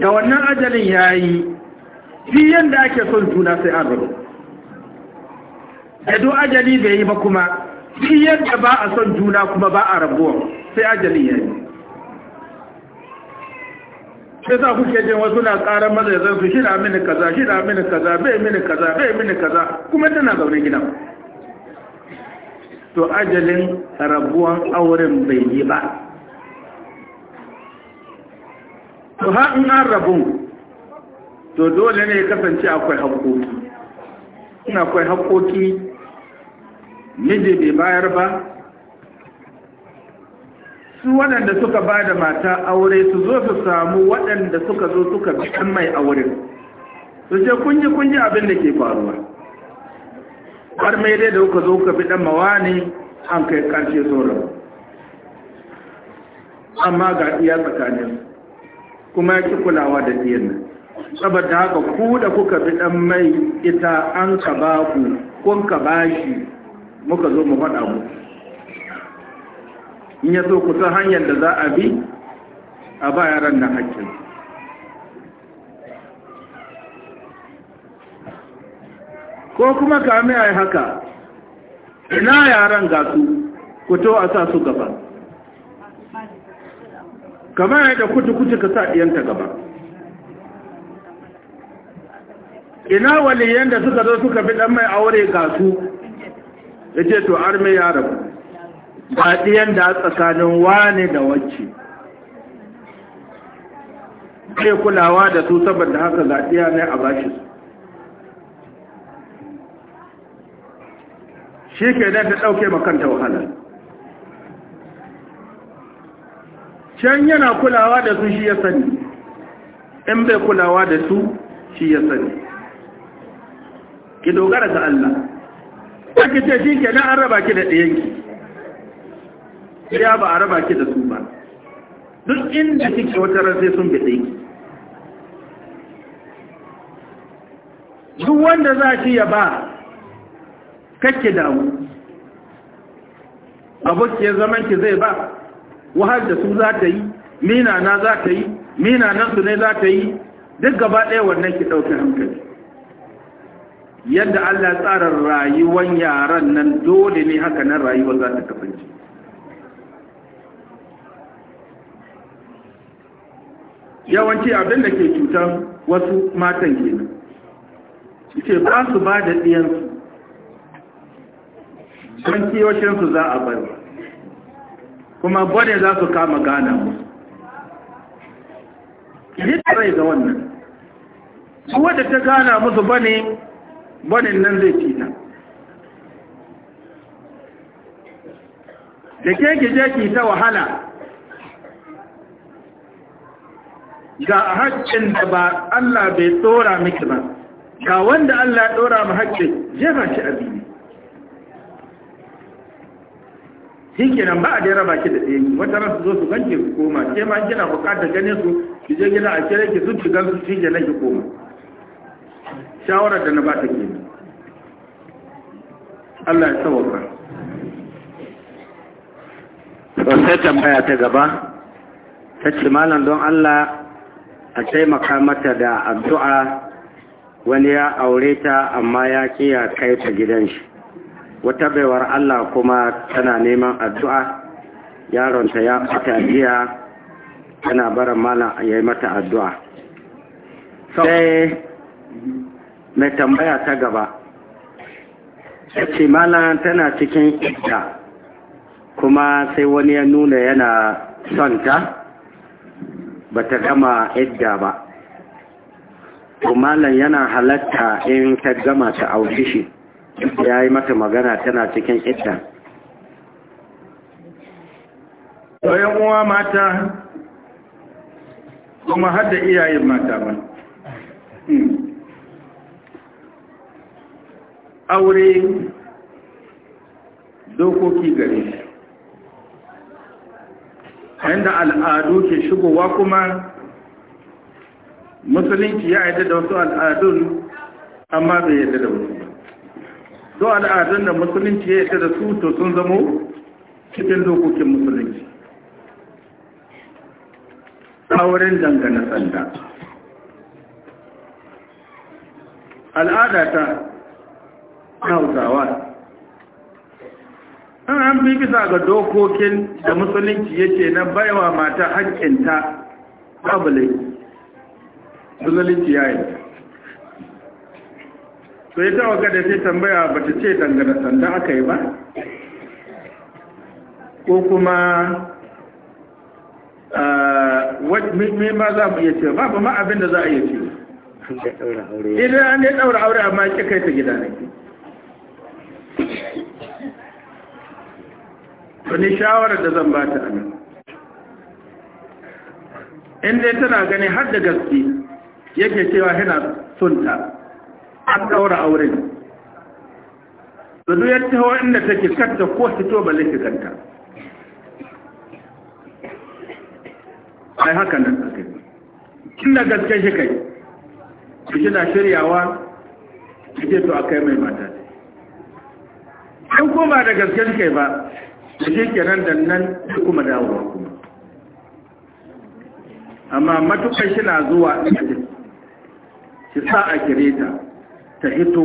da wannan ajalin yayi shi yanda ake son juna sai an rabu da duk ajali bai yi ba kuma duk yadda ba a son juna kuma ba a rabuwa sai ajali ya yi sai sa kuke jin wasu na ƙarar mazaizan su shida mini kaza shida mini kaza bai mini kaza bai mini kaza kuma tana zaune gina. to ajalin rabuwan auren bai yi ba to ha in an rabun. to dole ne ya kasance akwai haƙoƙi ina akwai haƙoƙi miji bai bayar ba su waɗanda suka ba da mata aure su zo su samu waɗanda suka zo suka biyan mai aure su ce kunji-kunji abin da ke faruwa har mai dai da kuka zo ka bi ɗan mawani an kai ƙarshe sauran amma ga iya tsakanin kuma ya ki kulawa da ɗiyan nan saboda haka ku da kuka bi ɗan mai ita an ka ba ku kun ka ba shi muka zo mu faɗa mu in ya so ku san hanyar da za a bi a ba yaran na hakkin ko kuma kame a haka ina yaran ga su ku to a sa su gaba kamar yadda kutu-kutu ka sa ɗiyanta gaba ina waliyan da suka zo suka fi ɗan mai aure ga su ya ce to armi ya rabu ba ɗiyan da tsakanin wane da wacce ke kulawa da su saboda haka zaɗiya ne a shi su shi ke da ta ɗauke makanta wahalar can yana kulawa da su shi ya sani in bai kulawa da su shi ya sani ki dogara ga Allah Kake ce shi ke an raba ki da ɗayanki. Ya ba a raba ki da su ba. Duk inda kike wata ran sai sun bi ɗayanki. Duk wanda za ki ya ba kake damu. ya zaman ki zai ba, wahal da su za ta yi, mina na za ta yi, mina nan su ne za ta yi, duk gaba ɗaya wannan ki ɗauki hankali. yadda Allah tsara rayuwar yaran nan dole ne haka nan rayuwar za ta kasance yawanci abin da ke cutar wasu matan kenan ce ba su ba da ɗiyansu don kiyoshinsu za a bari kuma gwada za su kama gana musu yi rai ga wannan su wadda ta gana musu ba ne banin nan zai ci ta da ke gije ki ta wahala ga haƙƙin da ba Allah bai tsora miki ba ga wanda Allah ya tsora mu haƙƙin jefa shi a biyu shi nan ba a da ba ki da ɗaya wata ran su zo su ganke su koma ke ma kina buƙatar ganin su ki je gida a kere ki sun ki gan su shi kenan ki koma shawarar da na ba ta ke. Allah ya sauka sosai tambaya ta gaba ta ce malam don Allah a taimaka mata da addu'a wani ya aure ta amma ya kiya kai ta gidan shi wata baiwar Allah kuma tana neman addu'a yaronta ya fata jiya tana barin malam ya mata addu'a sai mai tambaya ta gaba ya ce mana tana cikin idda kuma sai wani ya nuna yana son ta ba ta gama idda ba to malam yana halatta in ta gama ta auki shi ya yi mata magana tana cikin idda ɗoyin uwa mata kuma hada iyayen mata ba hmm. aure dokoki gare shi yadda al'adu ke shigowa kuma musulunci ya yadda da wasu al'adun amma bai yadda da wasu do al'adun da musulunci ya yadda da su to sun zamo cikin dokokin musulunci auren dangane sanda al'ada ta na hausawa an an fi bisa ga dokokin da musulunci yake na baiwa mata haƙƙinta ƙabulai musulunci ya yi to ya tawaka da sai tambaya ba ta ce dangane sanda aka yi ba ko kuma me ma za mu iya cewa babu ma abin da za a iya cewa idan an ya ɗaura aure amma kika yi ta gida ne wani shawarar da zan ba ta In inda tana gani har da gaske yake cewa yana sunta an ɗaura auren zanu ya wa inda take katta ko fito ba laifi ganta ai haka nan aka yi da gaske shi kai shi na shiryawa shi to a kai mai mata in ko ba da gaske shi kai ba da shi kenan da nan da kuma dawowa kuma amma matukar shi na zuwa ɗin shi sa a kireta ta ta hito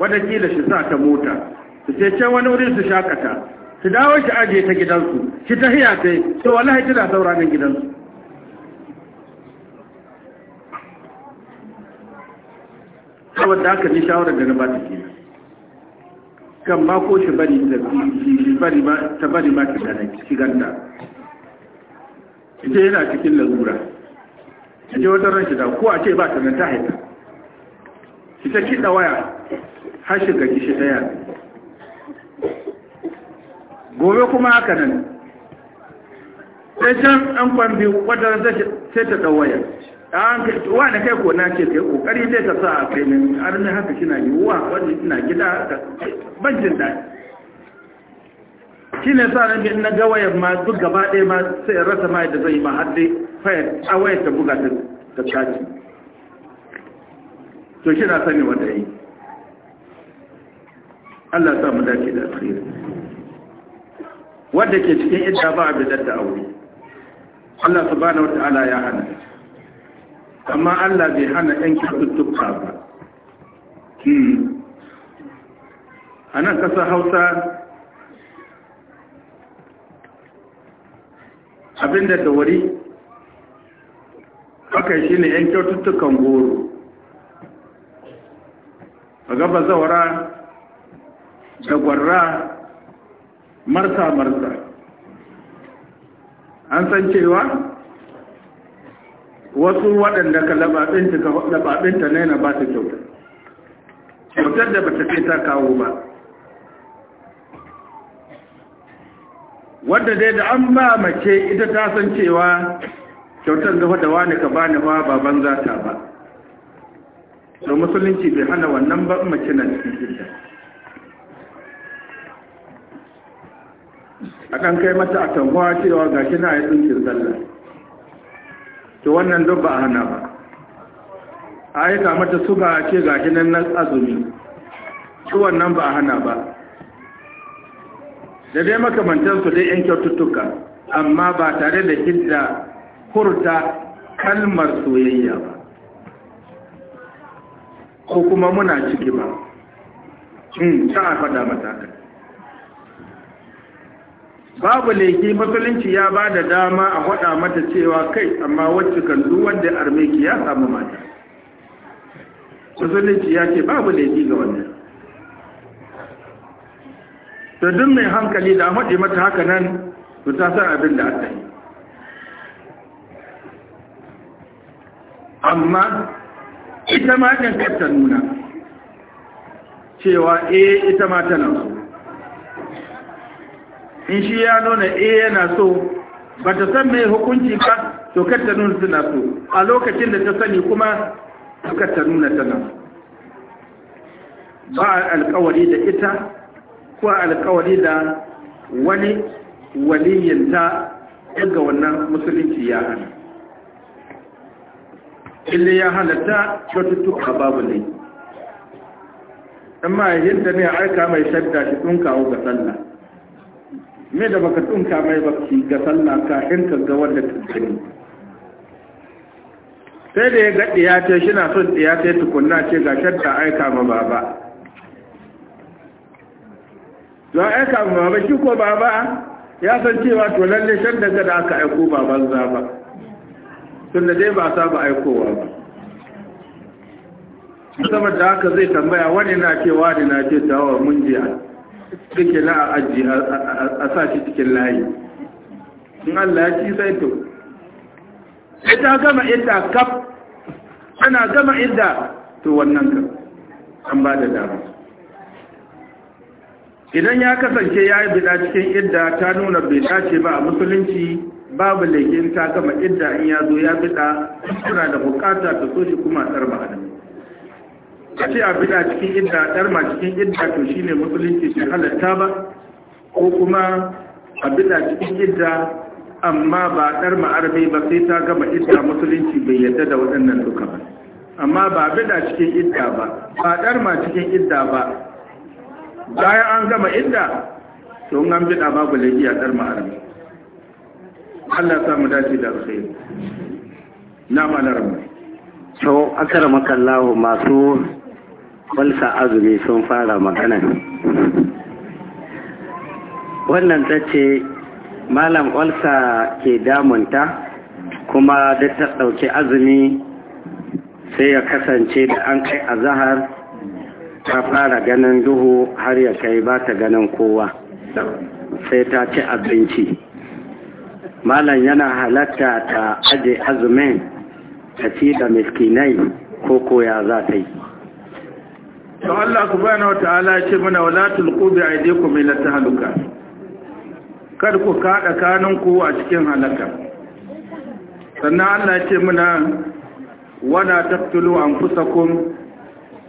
da shi sa ta mota su ce can wani wurin su shakata su dawo shi ajiye ta gidansu shi ta hiya ta yi to wallahi tana sauranin gidansu saboda haka ni shawarar da na ba ta kenan kan ba ko shi bari ta bari ba ta gane shiganta ita yana cikin lalura ita wata ran da ko a ce ba ta nan ta haita ita kiɗa waya har shiga shi ɗaya gobe kuma haka nan sai can an kwambi wadda sai ta ɗau an ah, kai wani kai ko na ce kai kokari dai ka sa a kai ne har ne haka kina wa wani kina gida ka ban jin dai shi ne sa ne na ga wayar ma duk gaba ɗaya ma sai rasa ma da zai ma har dai fayar a wayar ta buga ta ta caji to shi na sani wanda yi Allah sa mu dace da alkhairi wanda ke cikin idda ba bi bidar da aure Allah subhanahu wa ta'ala ya hana amma Allah bai hana ‘yan kituttuka ba. Hmm. A nan ƙasa Hausa abinda da wari aka shi ne ‘yan kyaututtukan goro. A gaba zaura da gwarra marta marta An san cewa? wasu waɗanda ka labaɓinta na yana ba ta kyauta kyautar da ba ta ce ta kawo ba wadda dai da an ba mace ita ta san cewa kyautar da wadda wani ka bani ba baban za ta ba sau musulunci bai hana wannan ba mace na cikin a kan kai mata a tanhuwa cewa gashi na yi tsinkin sallah to wannan duk ba a hana ba a yi ba a ce ga nan na azumi wannan ba a hana ba da dai makamantansu dai yan kyaututtuka amma ba tare da hidda kurta kalmar soyayya ba ko kuma muna ciki ba hmm, ta a faɗa matakai babu laifi musulunci ya ba da dama a hada mata cewa kai amma wacce kan duk wanda armeki ya samu mata musulunci ya ce babu laifi ga wannan to duk mai hankali da faɗi mata haka nan to ta san abin da aka yi amma ita ma ɗin ta nuna cewa eh ita ma tana su in shi ya nuna e yana so ba ta san mai hukunci ba to kar ta nuna tana so a lokacin da ta sani kuma kar ta nuna tana ba alkawari da ita ko alkawari da wani waliyinta daga wannan musulunci ya hana ille ya halatta cututtuka babu ne amma yin ta ne a aika mai shadda shi tun kawo ga sallah me da baka tsunka mai baki ga sallah kafin ka ga wanda ta gani sai da ya ga ce shi na son ɗiya ta tukunna ce ga shadda aika ma baba don aika ma baba shi ko baba ya san cewa to lalle shadda ga da aka aiko baban za ba tun da dai ba ba aikowa ba saboda haka zai tambaya wani na ce wani na ce tawa mun jiya take na a ajiye a sa shi cikin layi in Allah ya ci sai to sai ta gama idda kaf ana gama idda to wannan kan an ba da dama idan ya kasance ya yi bida cikin idda ta nuna bai dace ba a musulunci babu laifin ta gama idda in ya zo ya bida suna da bukata ta so shi kuma a tsarba adam a ce a bida cikin idda ɗarma cikin idda to shi ne musulunci shi halatta ba ko kuma a bida cikin idda amma ba ɗarma arme ba sai ta gama idda musulunci bai yadda da waɗannan duka ba amma ba bida cikin idda ba ba ɗarma cikin idda ba bayan an gama idda to an bida babu laifi a ɗarma arme Allah ya samu dace da alkhairi na malar To so akara makallahu masu kwalsa azumi sun fara magana wannan ta ce malam kwalsa ke damunta kuma da ta ɗauki azumi sai ya kasance da an kai a zahar ta fara ganin duhu har ya kai ba ta ganin kowa sai ta ci abinci malam yana halatta ta aje azumin ta ci da miskinai ko koya za ta yi To Allah subhanahu wata'ala ya ce mana wala tulqu bi aydikum ila tahluka Kada ku kada kanunku a cikin halaka sannan Allah ya ce mana wala taqtulu anfusakum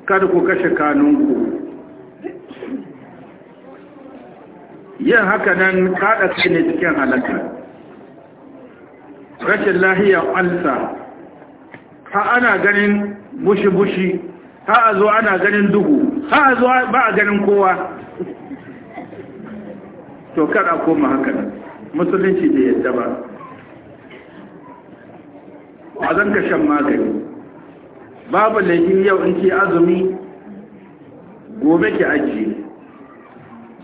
kada ku kashe kanunku yin haka nan kada kai ne cikin halaka rashin lahiyar alsa ha ana ganin bushi-bushi ha a zo ana ganin duhu ha a zo ba a ganin kowa to kada koma haka musulunci da yadda ba a zan ka shan magani babu laifin yau in ce azumi gobe ki ajiye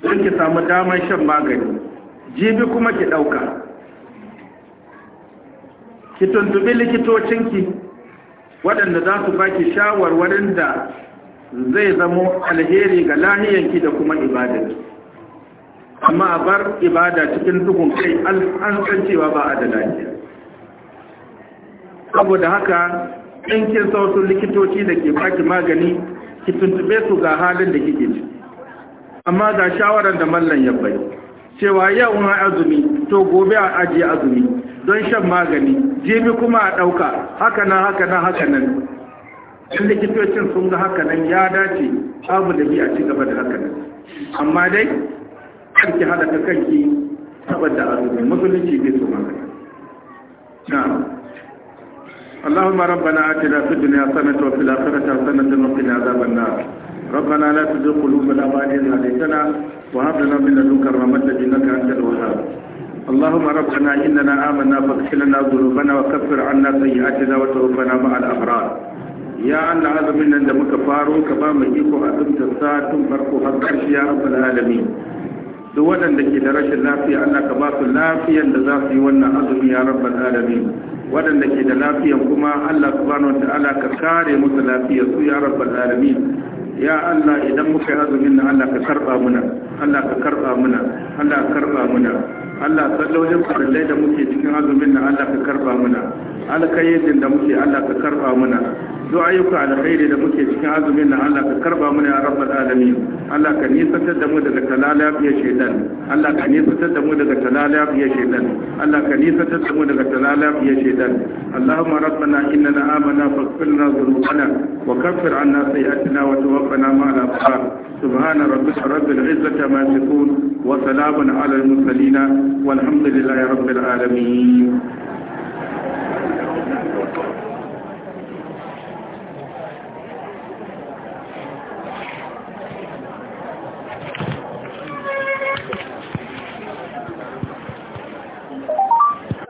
don ki samu damar shan magani jibi kuma ki ɗauka ki tuntubi likitocinki waɗanda za su baki shawarwarin da zai zamo alheri ga lahiyanki da kuma ibadarki amma a bar ibada cikin duhun kai an san cewa ba a da lafiya saboda haka in kin su likitoci da ke baki magani ki tuntube su ga halin da kike ci amma ga shawaran da mallan ya bai cewa yau na azumi to gobe a ajiye azumi don shan magani jibi kuma a ɗauka haka nan haka nan haka nan sun ga haka ya dace abu da a ci gaba da haka nan amma dai kanki halaka kanki saboda azumi musulunci bai so haka nan اللهم ربنا آتنا في الدنيا حسنة وفي الآخرة حسنة وقنا عذاب النار ربنا لا تزغ قلوبنا بعد إذ هديتنا وهب لنا من لدنك رحمة إنك أنت الوهاب اللهم ربنا إننا آمنا فاغفر لنا ذنوبنا وكفر عنا سيئاتنا وتوفنا مع الأبرار Ya الله azumin nan da muka faro ka ba mu iko azumta sa tun farko har ƙarshe ya rabbal alamin duk waɗanda ke da rashin lafiya Allah ka ba su lafiyan da za su yi wannan azumi ya rabbal alamin waɗanda ke da lafiyan kuma Allah subhanahu wa ta'ala ka kare musu lafiyar su ya rabbal alami. ya Allah idan muka yi azumin nan Allah ka karba muna Allah ka karba muna Allah ka karba muna Allah sallolin farallai da muke cikin azumin nan Allah ka karba muna alkhairin da muke Allah ka karba muna duk ayyuka alkhairi da muke cikin azumin nan Allah ka karba muna ya rabbal alamin Allah ka nisantar da mu daga ya shaitan Allah ka nisantar da mu daga ya shaitan Allah ka nisantar da mu daga ya shaitan Allahumma rabbana innana amana faghfir lana dhunubana wa kaffir 'anna sayyi'atina wa توفنا مع الأبصار سبحان ربك رب العزة ما يصفون وسلام على المرسلين والحمد لله رب العالمين